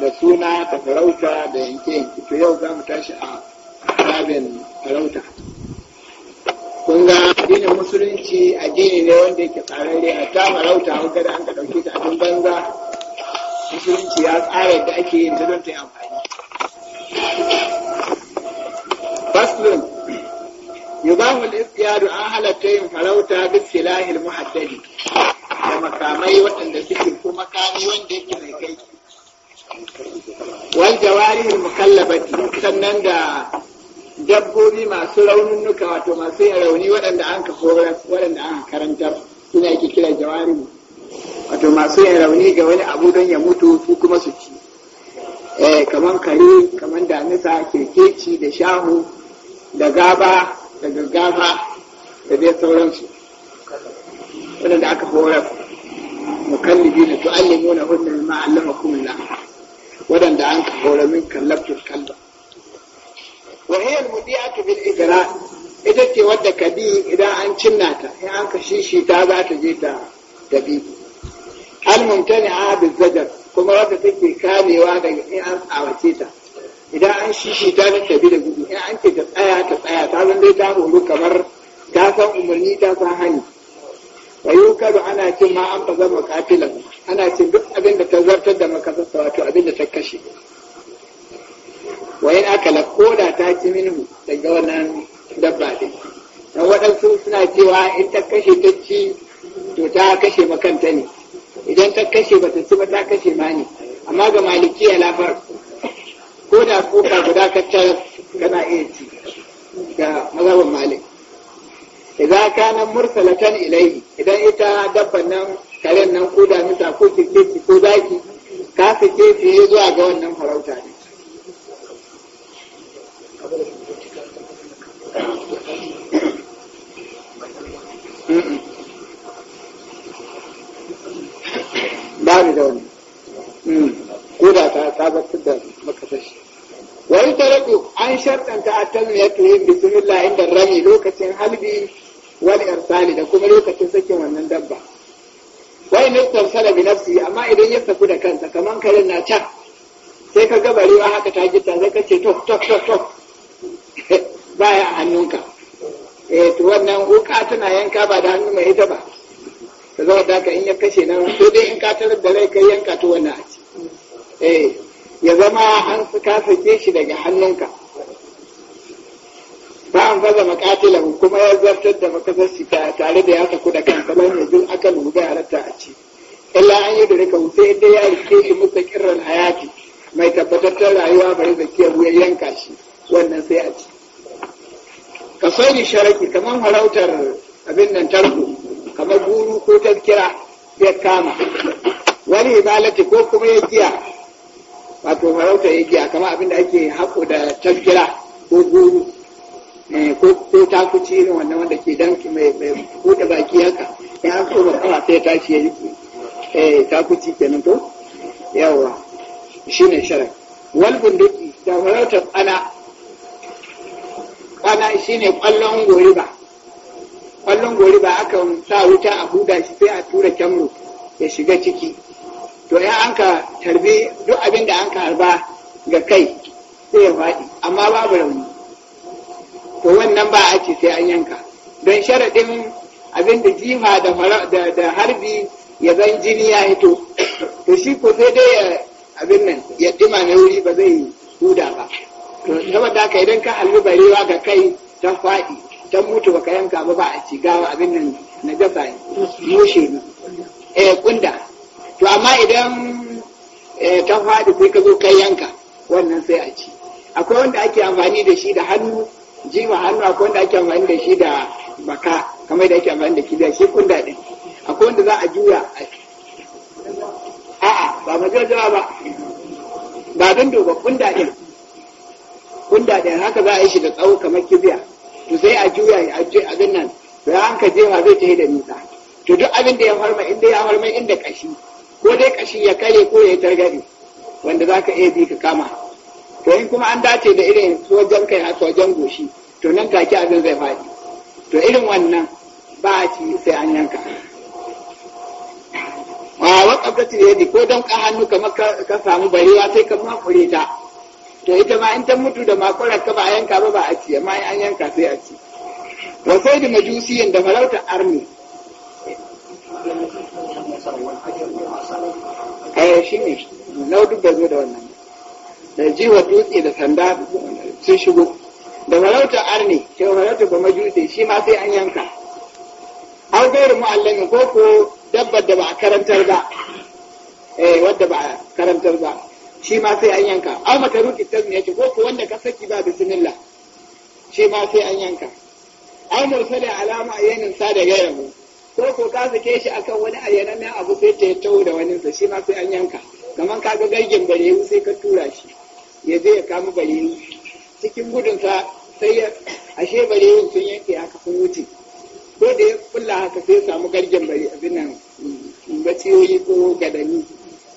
da suna ta farauta da yanke to yau za mu tashi a babin farauta kun ga addinin musulunci addini ne wanda yake tsararre a ta farauta wanda da an ka ta abin banza musulunci ya tsara da ake yin ta don ta yi amfani faslun yubahu Ifyadu an halatta yin farauta bis silahil muhaddadi da makamai waɗanda suke ko makami wanda yake mai kai wal jawarihil mukallabati sannan da dabbobi masu nuka wato masu yin rauni waɗanda an ka horar waɗanda an karanta, suna yake kira mu. wato masu yin rauni ga wani abu don ya mutu su kuma su ci eh kaman kare kaman damisa kirkeci da shahu da gaba da gaggafa da dai sauransu waɗanda aka horar mukallibi na tu'allimuna hunna na. waɗanda an ka hore min kallabtul kalba wa hiya almudi'atu bil ijra ita ce wadda kabi idan an cinna ta in an ka shishi ta za ta je ta tabi almumtani'a bil zajar kuma wadda take kamewa daga in an tsawace ta idan an shishi ta ta tabi da gudu in an ke ta tsaya ta tsaya ta zan dai ta horo kamar ta san umarni ta san hani wa yukaru ana cin ma an bazar makafilan ana cin duk abin da ta zartar da makasarsa wato abin da ta kashe wayan aka lakoda ta ci minhu daga wannan dabba din dan waɗansu suna cewa in ta kashe ta ci to ta kashe makanta ne idan ta kashe ba ta ci ba ta kashe ma ne amma ga maliki ya lafar ko da kuka guda ka kana iya ci ga mazabin maliki idza kana mursalatan ilayhi idan ita dabban nan karen nan ko damisa ko kike ko zaki ka fice fiye zuwa ga wannan farauta ne tok tok tok tok baya hannunka eh to wannan wuka tana yanka ba da hannu mai ita ba ka zama da ka in ya kashe nan to dai in ka tarar da rai kai yanka to wannan aci eh, ya zama an ka sake shi daga hannunka ba an faza makatilan kuma ya zartar da makasar shi tare da ya saku da kansa ne duk aka lura halatta a ce illa an yi da rika wuce dai ya yi. sharaki kamar harautar abin nan tarko kamar guru ko tankira ya kama wani ibalati ko kuma ya giya wato harautar ya giya kamar abin da ake haƙo da tankira. abin da jifa da harbi ya zan jini ya hito to shi ko sai dai eh, abin nan ya dima na wuri ba zai huda ba to saboda ka idan ka halbi barewa ga kai ta fadi ta mutu baka yanka ba ba a ci gawa abin nan na gasa mushe ne eh kunda to amma idan eh, ta fadi sai ka zo kai yanka wannan sai a ci akwai wanda ake amfani da shi da hannu jima hannu akwai wanda ake amfani da shi da baka kamar da ake amfani da shi da shi kunda din akwai wanda za a juya a'a ba jira ba ba don doba kunda din kunda din haka za a yi shi da tsawo kamar kibiya to sai a juya a je a gannan sai an ka jefa zai yi da nisa to duk abin da ya farma inda ya farma inda kashi ko dai kashi ya kare ko ya targade wanda za ka iya bi ka kama to in kuma an dace da irin sojan kai a sojan goshi to nan take abin zai faɗi to irin wannan ba a ci sai an yanka a wakabtatin yadda ko don ka hannu kamar ka samu barewa sai ka makure ta to ita ma in ta mutu da makurar ka ba a yanka ba ba a ci amma an yanka sai a ci wa sai da majusi yadda farautar armi eh shi ne na duk da wannan da jiwa dutse da sanda sun shigo da walauta arne ke walauta ba majuse shi ma sai an yanka an gairu mu'allamin ko ko dabbar da ba a karantar ba eh wadda ba a karantar ba shi ma sai an yanka an mata ruki tazni yake ko ko wanda ka saki ba bismillah shi ma sai an yanka an mursali alama ayyanin sa da mu ko ko ka sake shi akan wani ayyanannen abu sai ta yi taho da wani sa shi ma sai an yanka kamar ka ga gargin bare sai ka tura shi ya zai ya kama barewu cikin gudunsa sai ya ashe barewun sun yanke haka sun wuce ko da ya kulla haka sai ya samu gargin bare abin nan baciyoyi ko gadani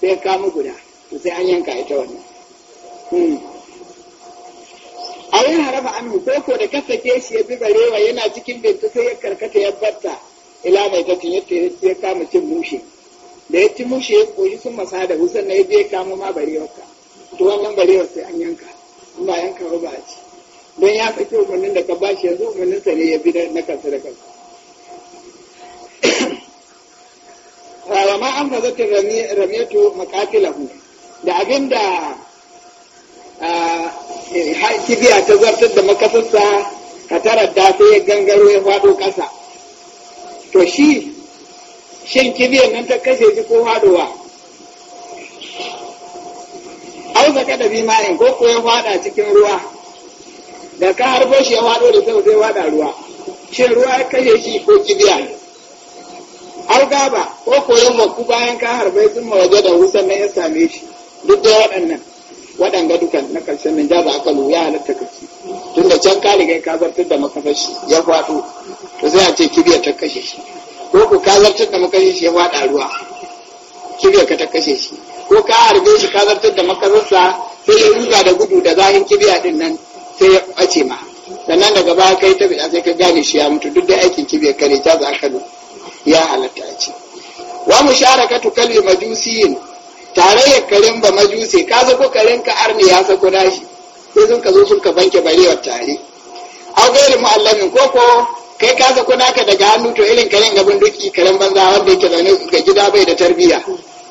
sai ya kama guda to sai an yanka ita wannan hmm. a yin harafa an ko da kasake shi ya bi barewa yana cikin bintu sai ya karkata ya batta ila mai tafi yadda ya kama cin mushe da ya ci mushe ya koyi sun masa da wusan na ya je kama ma barewa ka to wannan barewa. kibiyar nan ta kashe shi ko faduwa au zaka da bi mayan ko ko ya fada cikin ruwa da ka harbo shi ya fado da sau zai faɗa ruwa shin ruwa ya kashe shi ko kibiya ne au gaba ko koyon maku bayan ka harbe sun waje da wusan nan ya same shi duk da waɗannan waɗanga dukan na ƙarshen nan ja ba kalu ya halatta kaci tun da can ka riga ka zartar da makafashi ya faɗo to sai a ce kibiyar ta kashe shi ko ku ka zartar da makashin shi ya faɗa ruwa kibiyar ka ta kashe shi ko ka harbe shi ka zartar da makasarsa sai ya ruga da gudu da zahin kibiya din nan sai ya ɓace ma sannan daga baya kai ta bida sai ka gane shi ya mutu duk da aikin kibiyar kare ta za ka ya halatta a ce wa tu kalli majusiyin tarayyar karen ba majusi ka ko karen ka arni ya sako dashi sai sun ka zo sun ka banke barewar tare a gairi mu'allamin koko kai ka sako naka daga hannu to irin karen bin duki karen banza wanda yake zaune ga gida bai da tarbiya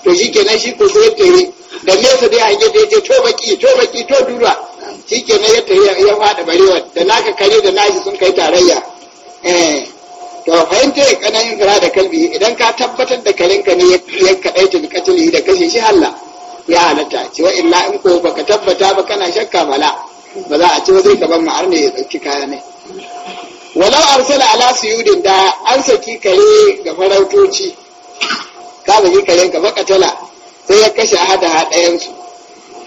to shi nan shi ko sai tare da nesa dai a da yace to baki to baki to dura shi kenan ya tere ya fada barewa da naka kare da nashi sun kai tarayya eh to fahimta ya yin fira da kalbi idan ka tabbatar da karenka ne ya ta bi da kashe shi halla ya halatta wa illa in ko baka tabbata ba kana shakka bala ba za a ce zai gaban ma'ar ne ya dauki kaya ne walau arsala ala suyudin da an saki kare ga farautoci ka saki kare ga makatala sai ya kashe hada haɗayensu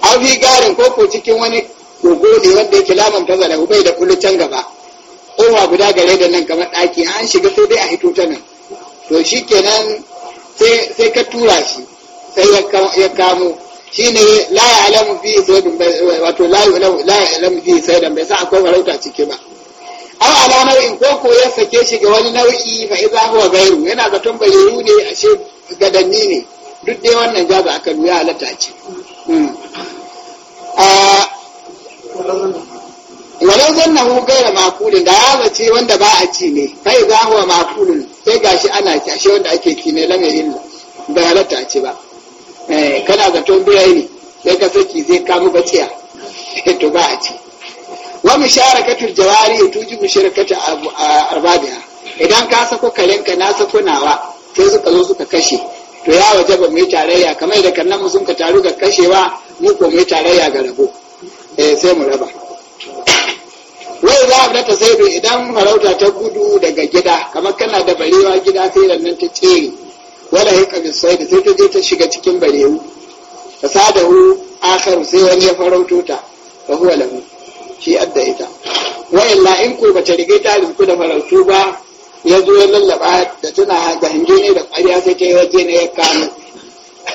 an fi garin koko cikin wani kogo ne wanda yake laman kaza da bai da kullu can gaba kowa guda gare da nan kamar ɗaki an shiga sai dai a hito ta nan to shi kenan sai ka tura shi sai ya kamo shi ne la ya alamu fi sai wato la ya alamu fi sai bai sa akwai farauta ciki ba aw ala nau'in ko ko ya sake shi ga wani nau'i fa idza huwa gairu yana bai bayiru ne ashe gadanni ne duk dai wannan jaza aka ya halatta ce hmm. walau hu gaira makulin da ya zace wanda ba a ci ne fa idza huwa makulin sai gashi ana ci ashe wanda ake ci ne Ba da halatta ce ba kana zaton birai ne sai ka saki zai kamu baciya to ba a ci wa musharakatul jawari tujibu a arbabiha idan ka sako karenka na sako nawa sai suka zo suka kashe to ya waje ba mai tarayya kamar da kannan musun ka taru ga kashewa mu ko mai tarayya ga rabo eh sai mu raba wai za a ta sai idan farauta ta gudu daga gida kamar kana da barewa gida sai nan ta tsere wala hika bi sai sai ta je ta shiga cikin barewu ta sadahu akharu sai wani ya farauto ta fa huwa lahu shi adda ita wa illa in ku bace rige ta rubu da farautu ba ya zo ya lallaba da tana ga hange da ƙarya sai ta yi waje ne ya kano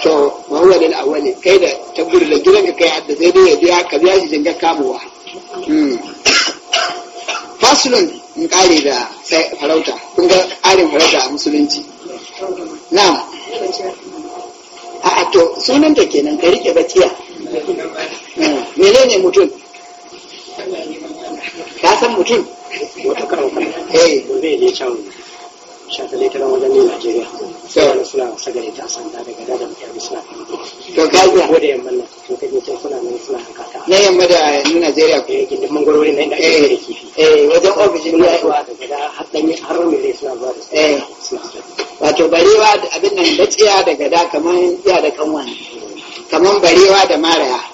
to ma huwa lil awwali kai da tabbur da gidanka kai adda sai dai ya biya ka biya shi jinga kamuwa hmm. fasulun in kare da sai farauta kun ga ƙarin farauta a musulunci na'am a to sunanta kenan ka rike bakiya hmm. menene mutum ka san mutum wata karan eh gobe ne can shatale ta wajen ne Najeriya sai wani suna wasa gari ta sanda daga dadan ya bi suna kan to ka yi ko da yamma nan to kaje can suna nan suna haka na yamma da Najeriya ko yake da mangwarori nan da ake da eh, kifi eh wajen ofishin ne aiwa daga da har dan har suna ba da eh wato barewa abin nan da tsiya daga da kamar ya da kanwan kamar barewa da maraya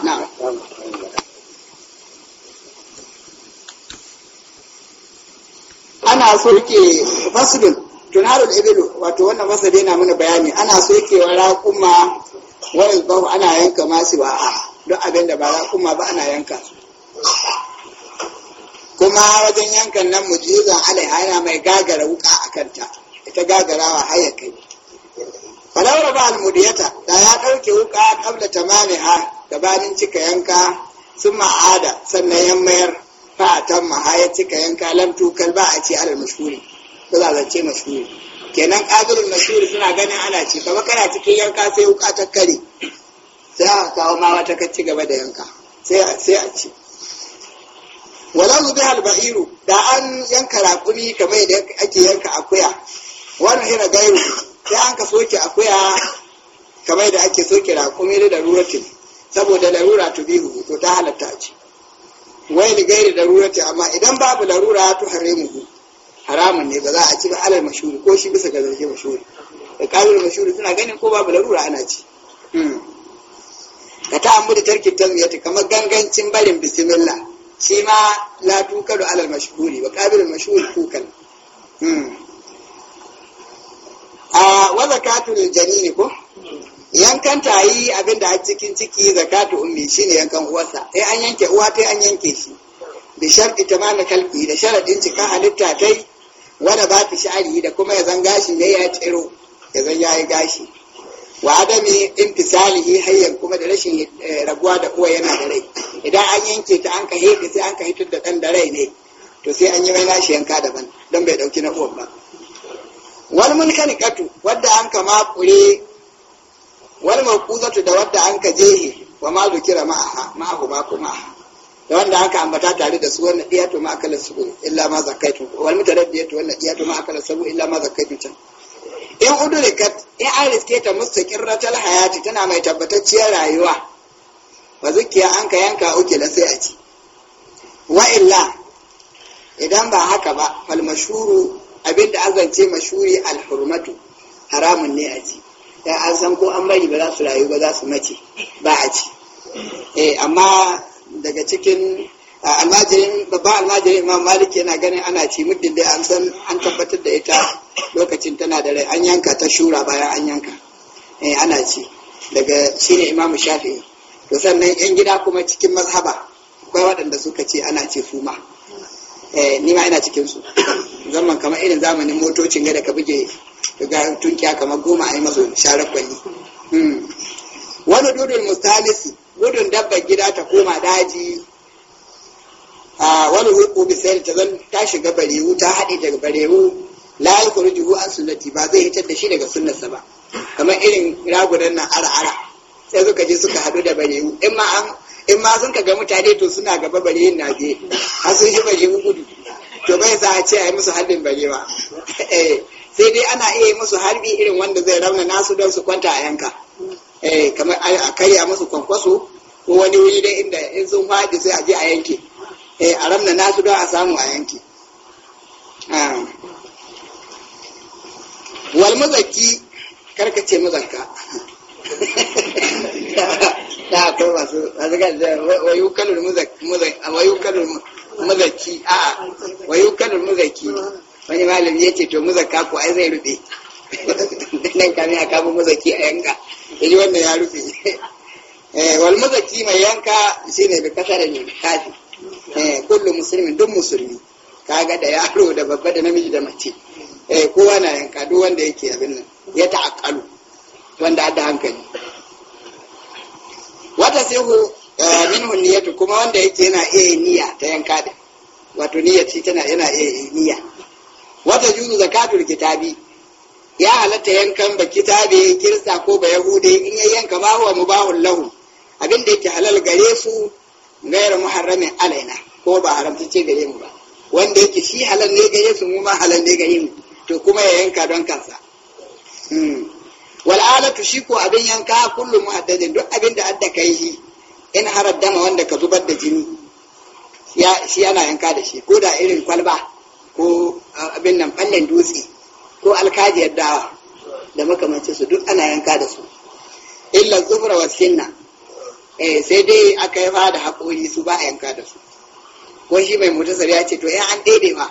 ana so yake fasilin tunarul ibilu wato wannan masar yana mana bayani ana so yake wa raƙuma wani bahu ana yanka masu ba a don abin da ba raƙuma ba ana yanka kuma wajen yankan nan mujizan alaiha yana mai gagara wuka a kanta ita gagarawa haya kai falawar ba almudiyata da ya ɗauke wuka kabla tamamiha gabanin cika yanka sun ma'ada sannan yan mayar fa a tan cika yanka lamtu kal ba a ce alal mashhuri ko za zance mashhuri kenan qadirul mashhuri suna ganin ana ce kamar kana cikin yanka sai wuka ta kare sai a kawo ma wata ka ci gaba da yanka sai a sai a ci walau bi al ba'iru da an yanka raƙumi kamar yadda ake yanka akuya wannan hira gairu sai an ka soke akuya kamar da ake soke raƙumi da laruratin saboda larura tubihu to ta halatta ce wai da gairi rurati amma idan babu larura to haramu haramun ne ba za a ci ba alal mashuri ko shi bisa ga zarge mashuri da kalil mashuri suna ganin ko babu larura ana ci hmm. ka ta'ammu da ta tazmiyati kamar gangancin barin bismillah shi ma la tukalu alal mashuri ba qabil mashuri kukan hmm. a ah, wa zakatul ko yankan tayi abin da a cikin ciki zakatu ummi shine yankan uwarsa sai an yanke uwa tai an yanke shi bi sharti tamama kalbi da sharadin cika halitta tai wanda ba ta sha'ari da kuma ya zan gashi ne ya tsiro ya zan yayi gashi wa adami intisalihi hayyan kuma da rashin eh, raguwa da uwa yana da rai idan an yanke ta an ka hede sai an ka hitar da dan da rai ne to sai an yi mai nashi yanka daban don bai ɗauki na uwan ba wal katu wadda an kama kure wal mawquzatu da wadda an ka jehi wa ma dukira ma'aha ma'ahu ma kuma da wanda aka ambata tare da su wannan iyatu ma akala sabu illa ma zakaitu wal mutaraddiyatu wannan iyatu ma akala sabu illa ma zakaitu ta in kat in an riske ta ratal hayati tana mai tabbatacciyar rayuwa wa zukiya an ka yanka uke da sai a ci wa illa idan ba haka ba fal mashuru abinda azance mashuri al hurmatu haramun ne a ci da an san ko an bari ba za su rayu ba za su mace ba a ci eh, amma daga cikin almajirin babban almajirin imam malik yana ganin ana ci muddin da an san an tabbatar da ita lokacin tana da rai an yanka ta shura bayan an yanka eh, ana ci daga shine imam shafi'i to sannan yan gida kuma cikin mazhaba akwai waɗanda suka ce ana ce su eh ni ma ina cikin su zaman kamar irin zamanin motocin ga ka buge daga tunkiya kamar goma a yi masu sharar kwalli hmm. wani dudun mustalisi gudun dabbar gida ta koma daji a wani hukku bisani ta zan ta shiga barewu ta haɗe daga barewu la yi jihu an sunnati ba zai hitar da shi daga sunnarsa ba kamar irin ragunan nan ara-ara sai suka je suka haɗu da barewu in ma an in ma sun ga mutane to suna gaba bareyin na je har sun shi barewu gudu to bai za a ce a yi musu haɗin barewa eh. sai dai ana iya yi musu harbi irin wanda zai rauna nasu don su kwanta a yanka eh kamar a karya musu kwankwaso ko wani wuri dai inda in sun faɗi sai a je a yanke eh a rauna nasu don a samu a yanke ah. wal mazaki karkace mazanka da akwai masu wayu kalul mazaki a wayu kalul mazaki wani malami ya ce to muzaka ko ai zai rufe nan kamin a kama muzaki a yanka ya ji wannan ya rufe eh, wal muzaki mai yanka shine bi kasar ne kafi eh, kullum musulmi duk musulmi kaga da yaro da babba da namiji da mace eh, kowa na yanka duk wanda yake abin nan ya ta'akkalu wanda da hankali wata ku min hunniyatu kuma wanda yake yana iya niyya ta yanka da wato niyyar tana yana iya niyya wata juzu zakatul kitabi ya halatta yankan ba kitabe kirista ko ba Yahudai. in ya yanka ba huwa bahu lahu abin da yake halal gare su gairu muharrami alaina ko ba ce gare mu ba wanda yake shi halal ne gare su mu ma halal ne gare mu to kuma ya yanka don kansa hmm. wal'alatu shi ko abin yanka kullum muhaddadin duk abin da adda kai shi in harar dama wanda ka zubar da jini shi ana yanka da shi ko da irin kwalba abin nan fallen dutse ko alkajiyar dawa da makamancin su duk ana yanka da su illa zubra wa sinna eh sai dai aka yi fa da hakori su ba a yanka da su ko shi mai mutasar ya ce to eh an daide ba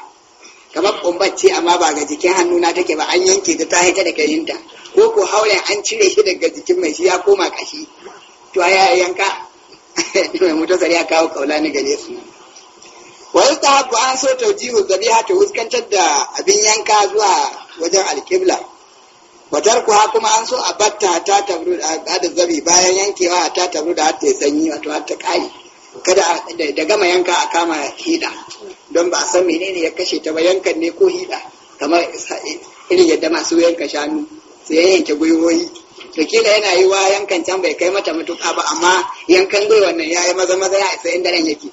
kamar ce amma ba ga jikin hannu na take ba an yanke ta ta haita da kayinta ko ko haure an cire shi daga jikin mai shi ya koma kashi to ya yanka mai mutasar ya kawo kaula ni gare su ta yustahabbu an so ta tawjihu dhabiha ta huskantar da abin yanka zuwa wajen alqibla ku ha kuma an so a batta ta tabru da zabi bayan yankewa ta tabru da hatta sanyi wato hatta kai kada da gama yanka a kama hida don ba a san menene ya kashe ta ba yankan ne ko hida kamar irin yadda masu yanka shanu sai ya yanke gwiwoyi to kila yana yi wa yankan can bai kai mata matuƙa ba amma yankan gwiwa nan ya yi maza maza ya isa inda nan yake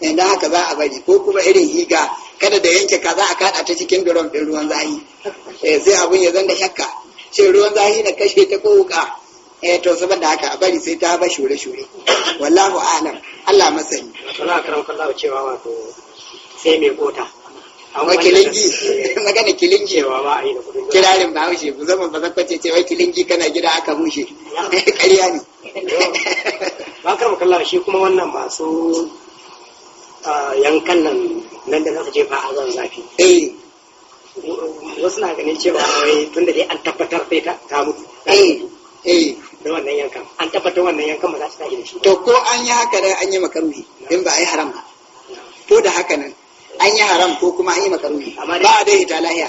idan haka za a bari ko kuma irin higa kada da yanke ka za a kada ta cikin durom din ruwan zahi eh, sai abun ya zanda shakka shin ruwan zahi na kashe ta ko wuka eh to saboda haka a bari sai ta ba shure shure wallahu alam Allah masani Allah karam kallahu cewa wato sai mai kota amma kilingi magana kilingi ba a yi da kirarin ba haushi, ku zama ba zakwace cewa wai kilingi kana gida aka bushe ƙarya ne ba karam kallahu shi kuma wannan masu yankan nan nan da za jefa a zan zafi eh. wasu na ganin cewa wai tun da dai an tabbatar sai ta mutu eh. Eh. da wannan yankan an tabbatar wannan yankan ba za su tashi da shi to ko an yi haka dai an yi makaruhi in ba a yi haram ba ko da haka nan an yi haram ko kuma an yi makaruhi ba a dai ta lahiya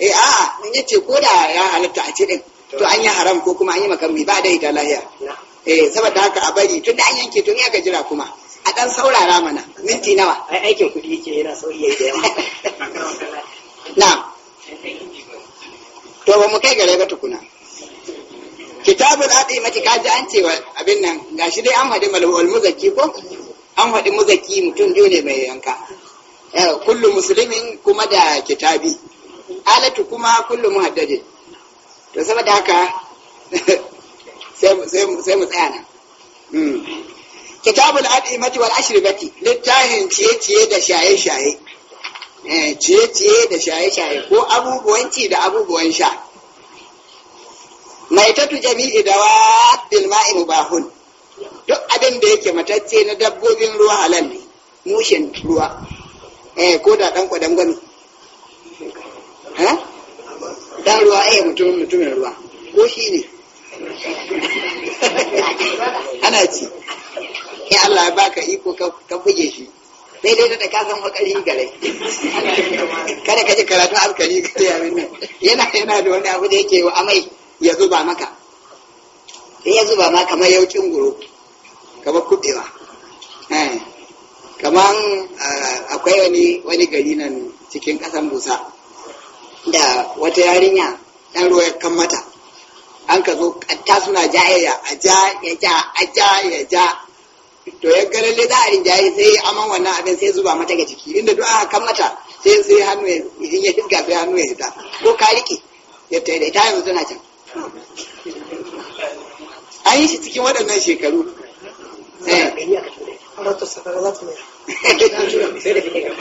eh a'a in yace ko da ya halatta a ce din to an yi haram ko kuma an yi makaruhi ba a dai ta lahiya eh saboda haka a bari tun da an yanke tun ya jira kuma a ɗan saurara mana minti nawa ai aikin kuɗi yake yana sauri yayi yawa na to ba mu kai gare ba tukuna kitabul adimati ka ji an cewa abin nan gashi dai an hadi malwal muzaki ko an hadi muzaki mutum biyu ne mai yanka kullu musulmin kuma da kitabi alatu kuma kullu muhaddadi to saboda haka sai mu tsaya nan hmm. kitabul al'imati wal ashribati littafin ciye-ciye da shaye-shaye eh, ciye-ciye da shaye-shaye ko abubuwan ci da abubuwan sha mai tatu jami'i da wabil ma'i mubahun duk abinda yake matacce na dabbobin ruwa halal ne ruwa eh, ko da dan kwadan eh? dan ruwa eh mutumin mutumin ruwa ko shi ne ana ci in Allah ya baka iko ka buge shi sai dai da ka san wakari gare kada ka ji karatu alkali ka ya nan yana yana da wani abu da yake wa amai ya zuba maka sai ya zuba maka kamar yaucin guro kamar kubewa eh, kamar eh, akwai wani wani gari nan cikin kasan busa da wata yarinya ɗan ruwa ya kan mata an ka zo ƙatta suna jayayya a ja ya ja a ja ya ja to ya ga lalle da arin jayi sai aman wannan abin sai zuba mata ga jiki inda duk aka kan mata sai sai hannu ya in ya dinga sai hannu ya hita ko ka rike ya tayi da ita yanzu tana can an yi shi cikin waɗannan shekaru eh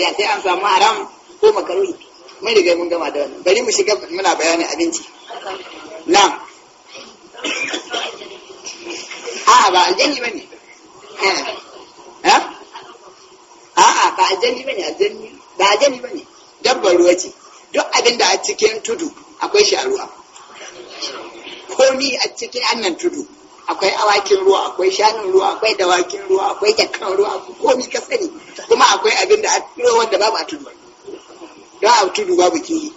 ya sai an samu haram ko makaruhi mai riga mun gama da wannan bari mu shiga muna bayanin abinci ruwa akwai shanun ruwa akwai dawakin ruwa akwai jakan ruwa komi ka sani kuma akwai abin da a wanda babu a tudu don a tudu babu kihi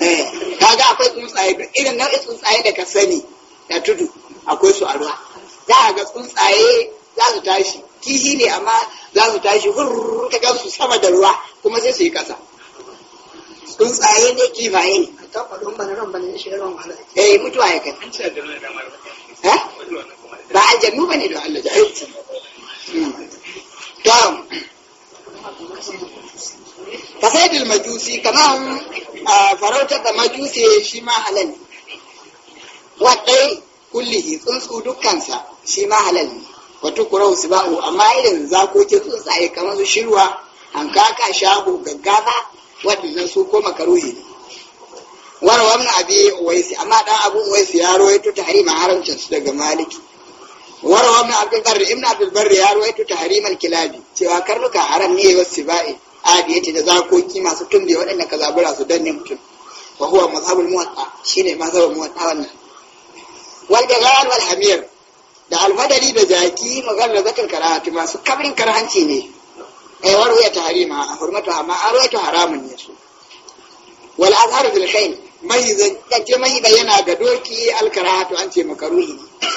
eh, ga akwai tsuntsaye irin nau'in tsuntsaye da ka sani da tudu akwai su a ruwa za a ga tsuntsaye za su tashi kihi ne amma za su tashi hurr ka ga su sama da ruwa kuma sai su yi kasa tsuntsaye ne kifaye ne eh mutuwa ya kai Eh? ba aljannu ba ne don Allah jahilci tom fasaidul majusi kamar farautar da majusi shi ma halal ne waɗai kullihi tsuntsu dukkansa shi ma halal ne wata kurau su ba'u amma irin zakokin tsuntsaye kamar su shirwa hankaka shago gaggafa waɗannan su ko makaruhi ne warwa ibn abi uwaisi amma dan abu uwaisi ya rawaito tahriman haramcin su daga maliki Wani ibn abdul barri ibn abdul barri ya rawaito tahriman kilabi cewa karnuka haram ne wasu ba'i adiyati da zakoki masu tumbe waɗanda ka zabura su danne mutum wa huwa mazhabul muwatta shine mazhabul muwatta wannan wal dagal wal hamir da almadari da jaki magana zakar karahati masu kabrin karhanci ne ai eh, warwaya ta harima a hurmatu amma an rawaito haramun ne su wal azhar bil khayn mai yana ga doki alkarahatu an ce makaruhi ne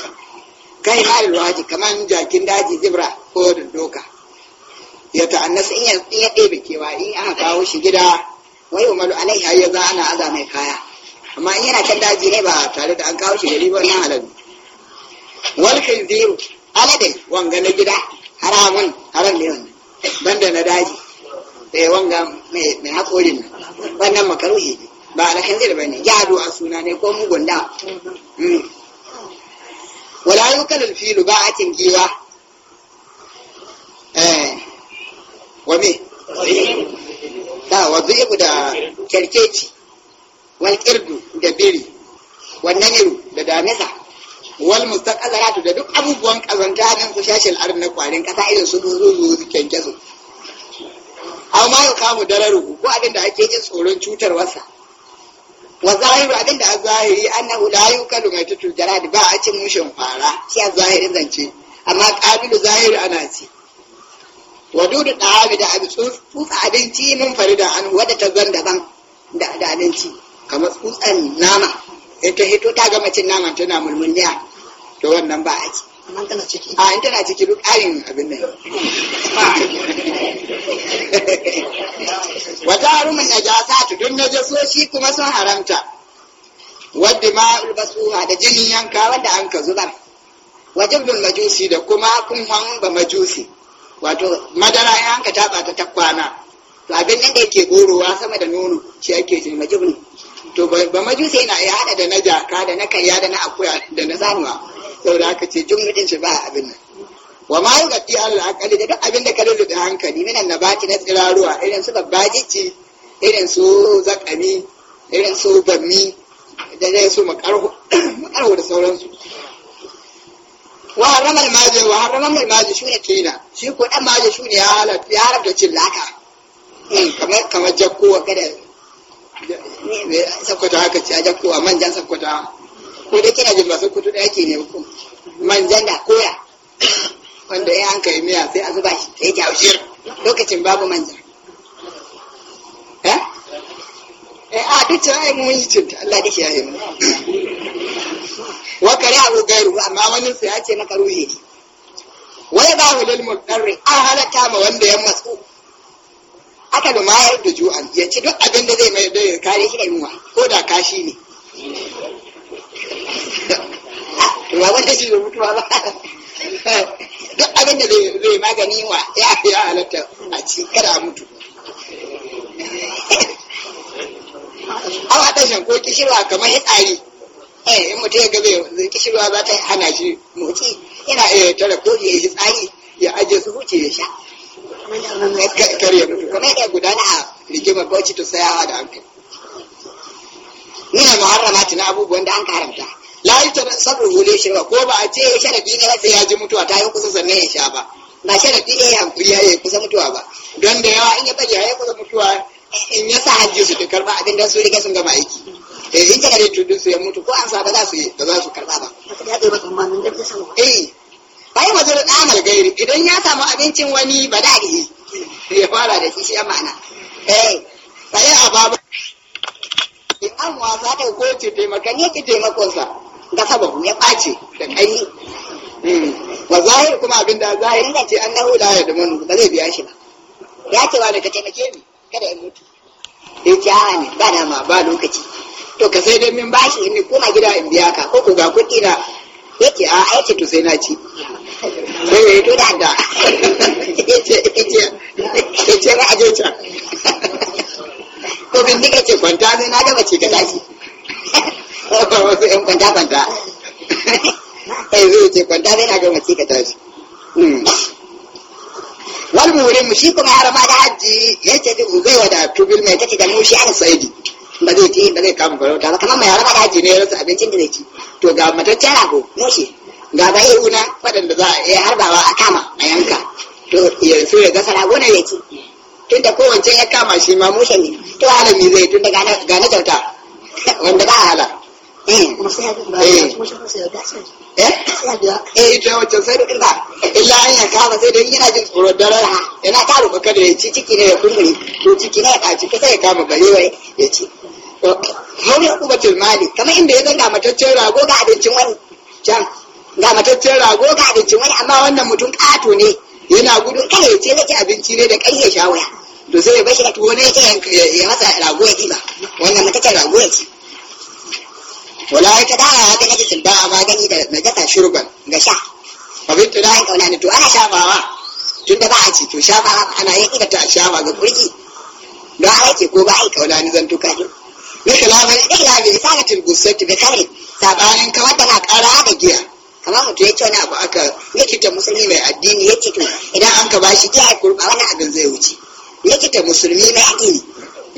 kai halin waji kaman jakin daji zibra ko doka ya ta'annasa in ya ɗebe kewa in aka kawo shi gida wai umaru alai ya za ana aza mai kaya amma in yana kan daji ne ba tare da an kawo shi da ba nan halal wal khinziru aladin wanga na gida haramun haram ne wannan banda na daji eh wanga mai haƙorin nan wannan makaruhi ne ba alkhanzir ba ne yaro a suna ne ko mugun da mm. wala kan alfilu, ba a giwa eh wa me da wa bi'u da kerkeci wal kirdu da biri wannan iru da damisa wal mustaqazaratu da duk abubuwan kazanta nan su shashil arin na kwarin kasa irin su zuzu kyanke su amma yau kamu dararu ko abin da ake jin tsoron cutar wasa? wa zahiru abinda a zahiri annahu la yukalu mai tutul jarad ba a cin mushin fara sai a zahirin zance amma kabilu zahiru ana ci wadudu ɗahabi da abin tsutsa abinci mun fari da hannu ta zan daban da abinci kamar tsutsan nama in ta hito ta gama cin nama tana mulmuniya to wannan ba a ci amma tana ciki a in tana ciki duk ayin abin nan wata harumin najasatu don shi kuma sun haramta wadda ma'ul basuha da jini yanka wadda an ka zubar bin majusi da kuma kunhan ba majusi wato madara ya hanka ta ba ta kwana to abin nan da yake gorowa sama da nono shi ake jin majibin to ba majusi yana ya hada da na jaka da na karya da na akuya da na zanuwa saboda haka ce jumlukin shi ba abin nan wa ma yi gafi ala aqali da duk abin da ka lulluɓe hankali minan nabati na tsiraruwa irin su babbajici irin su zakami irin su bammi da dai su makarho makarho da sauransu wa haramar maje wa maje shi ne kina shi ko dan shi ne ya halatta ya haramta cin laka hmm, kamar kamar jakko kada ni haka ce a jakko a manjan sakwata ko dai kina jin ba su kutu da ne ko manjan da koya wanda ya hanka yi miya sai a zuba shi ya jawshir lokacin babu manja eh, eh a duk cewa yi mun yi cinta Allah dake ya yi mu wa kare abu gairu amma wani su ya ce karu ruhi wai ba hu lil mudarri an halata ma wanda ya matsu aka lumayar da ju'an ya ci duk abin da zai mai da kare shi da yunwa ko da kashi ne ya wanda shi bai mutuwa ba duk abin da bai magani wa ya ya halatta a ci kada a mutu an haɗa shan ko kishirwa kamar hitsari eh in mutum ya gabe kishirwa za ta hana shi motsi ina iya tara ko ya yi tsari ya ajiye su huce ya sha kar ya mutu kamar yadda gudana a rigimar bauchi ta sayawa da hankali ni na muharramati na abubuwan da an karanta. la yi ta sabu wule shi ba ko ba a ce ya sharadi ne sai ya ji mutuwa ta yi kusa sannan ya sha ba ba sharadi ne ya hankuri ya yi kusa mutuwa ba don da yawa in ya bari ya yi kusa mutuwa in ya sa hajji su ta ba abin da su riga sun gama aiki eh in ta gare tudun su ya mutu ko an sa ba za su yi ba za su karba ba eh bai wajen da amal gairi idan ya samu abincin wani ba da ya fara da shi shi ma'ana eh a babu in an wasa ta ko taimakon yake taimakonsa da sababu ya ɓace da kai wa hmm. zahir kuma abin da zahir ina ce an nahu da ya damu ba zai biya shi ba ya ce ba da ka taimake ni kada in mutu ya ce a ne ba dama ba lokaci to ka sai dai min bashi in koma gida in biya ka ko ko ga kuɗi na ya ce a aiki to sai na ci sai ya yi to da da ya ce na aje can ko bin duka ce kwanta zai na gama ce ka tashi wasu yan kwanta kwanta yanzu ce kwanta dai na ga mace ka tashi hmm. wal mu shi kuma harama da hajji ya ce duk zai wada tubil mai take da mushi ana saidi ba zai ci ba zai kama farauta ba kamar mai harama da hajji ne ya rasa abincin da zai ci to ga mataccen ko mushi ga ba iya una waɗanda za a iya harbawa a kama a yanka to yanzu ya gasa rago na ya ci tun da kowace ya kama shi ma mushe ne to alami zai tun da gane kyauta wanda ba hala Eh. kuma sai eh. ya biya kuma shi sai ya biya sai eh sai ya biya eh to wacce sai duk da illa an ya kama sai dai yana jin tsoro daren ha yana karo baka kada ya ci ciki ne ya kumburi ko ciki na ya ɗaci ka sai ya kama barewa ya ci har ya kuma tilmali kamar inda ya ga mataccen rago ga abincin wani can ga mataccen rago ga abincin wani amma wannan mutum ƙato ne yana gudun kada ya ce nake abinci ne da ƙarya shawaya to sai ya bashi a tuwo ne ya masa rago ya ɗiba wannan mataccen rago ya ci wala ya ba a gani bisin da a magani da na najasa shurban ga sha fa bin tu dai kauna ne to ana shafawa tun da ba a ci to shafawa ana yin ida ta shafa ga kurji don haka ke ko ba ai kauna ni zan tuka ne misalama ya ila bi isalatil busati bi kare sabanin kamar da na kara da giya kamar mutum ya ce wani abu aka likita musulmi mai addini ya ce idan an ka bashi giya kurba wani abin zai wuce likita musulmi mai addini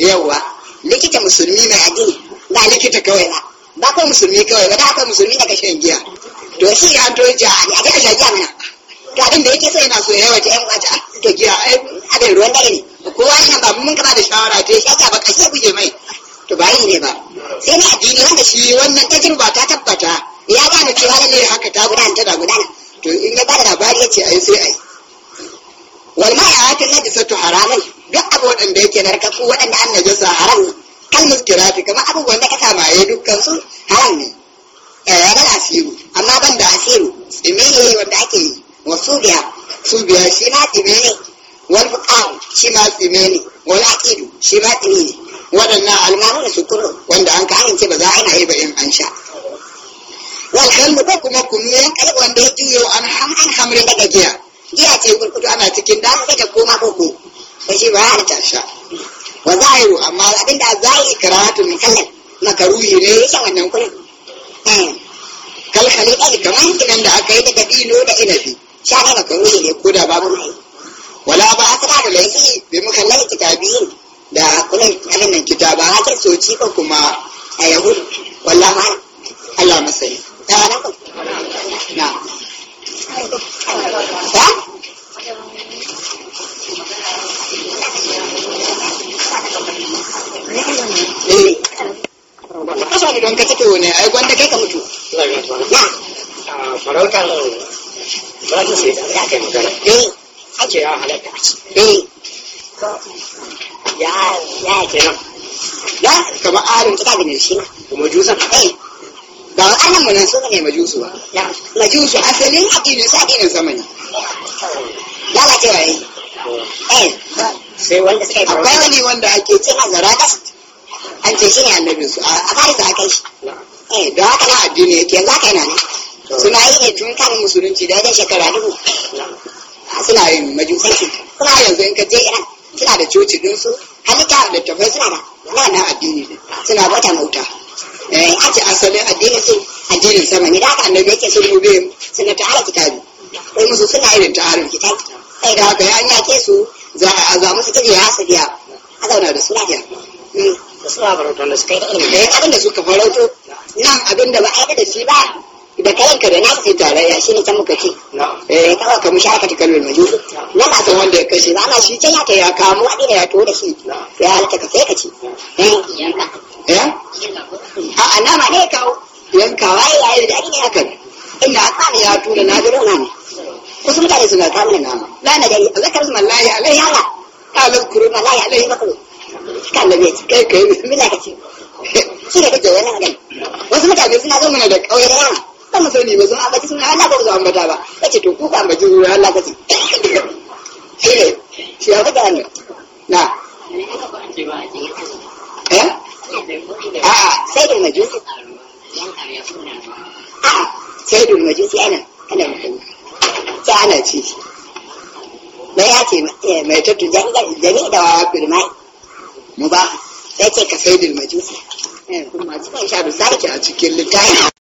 yawa likita musulmi mai addini ba likita kawai ba ba ko musulmi kawai ba da akwai musulmi daga shan giya to shi ya to ja a ga shan giya mana to abin da yake sai yana so yawa ta yan wata to giya ai abin ruwan da ne kowa yana ba mun kana da shawara to ya shaka ba kashe guje mai to ba yi ne ba sai na addini wanda shi wannan tajirba ta tabbata ya gane cewa lalle haka ta gudana ta da gudana to in ya bada labari yace ai sai ai wal ma'a ta to haramun duk abu wanda yake narkatu wanda an najasa haramun kan muskirati kamar abubuwan da ka samaye dukkan su haram ne ya eh, bar asiru amma ban da asiru tsime wanda ake yi wa su biya su biya shi ma tsime ne wal fuqaru shi ma tsime ne wal aqidu shi ma tsime ne waɗannan almaru da sukuru wanda an ka ce ba za a yi ba in an sha wal kalmu ko kuma kunu yan kalbu wanda ya juyo an ham an hamre daga giya giya ce gurkutu ana cikin da daga koma ko koko ba shi ba ya tasha. wa zahiru amma abin da yi karatu min na makaruhi ne ya sa wannan kullum eh, Kalkali khaliqa kamar nan da aka yi daga ino da inabi sha hana karuhi ne ko da babu mai wala ba a tara da laifi bai muka lai kitabiyin da kullum abin nan kitaba haka soci ba kuma a wala ma Allah masani ta rabu na kasa don kasa to ne ai gwanda kai ka mutu na farautar ba ta sai da kai magana eh a ce ya halatta eh ya ya kenan ya kamar arin ta ga shi kuma jusan eh ba anan mun so ne majusu ba majusu asalin addinin sa addinin zamani lalacewa yayi sai wanda suka yi akwai wani wanda ake cin azara kasa an ce shi ne annabin su a bayan da aka shi eh da haka na addini yake yanzu haka yana ne suna yi ne tun kan musulunci da wajen shekara dubu suna yin majusanci kuma yanzu in ka je iran suna da coci din su halitta da tafai suna da Na addini ne suna bata mauta eh a ce asalin addinin su addinin sama ne da haka annabi yake sun mube suna ta'ala kitabi wai musu suna irin ta'arin kitabi kai da haka ya yake su za a za musu kije ya biya. a zauna da su lafiya hmm. da su farauta da suka yi da abin suka farauto nan abin da ba a da shi ba da kayanka da na su ya shi ne eh, ta muka ce eh kawo ka mushi aka mai maju na ba san wanda ya kashe ba ana shi can ya ta ya kamo a ɗaya ya to da shi ya halitta ka sai ka ce hmm. eh a nama ne kawo yankawa ya yi da ake ne haka inda a tsani ya tura na zuru na ne wasu mutane suna kawo ne nama la na gari a zakar zuma lahi alai yala ka la kuru ma lahi alai makaru ka la ci kai kai mai mina kace shi da kake wannan gari wasu mutane suna zo mana da kauye da yama ba mu sani ba sun abaci suna Allah ba zo ambata ba kace to ku ka ambaci ruwa Allah kace shi ne shi ya fada ne na eh a'a sai da majusi a'a sai da majusi ana ana mutum ya ci na? ya ce eh, mai tattu jami da wawa firma mu ba ya ce ka sai dilmajusi eh, kuma cikin sha da sake a cikin littafi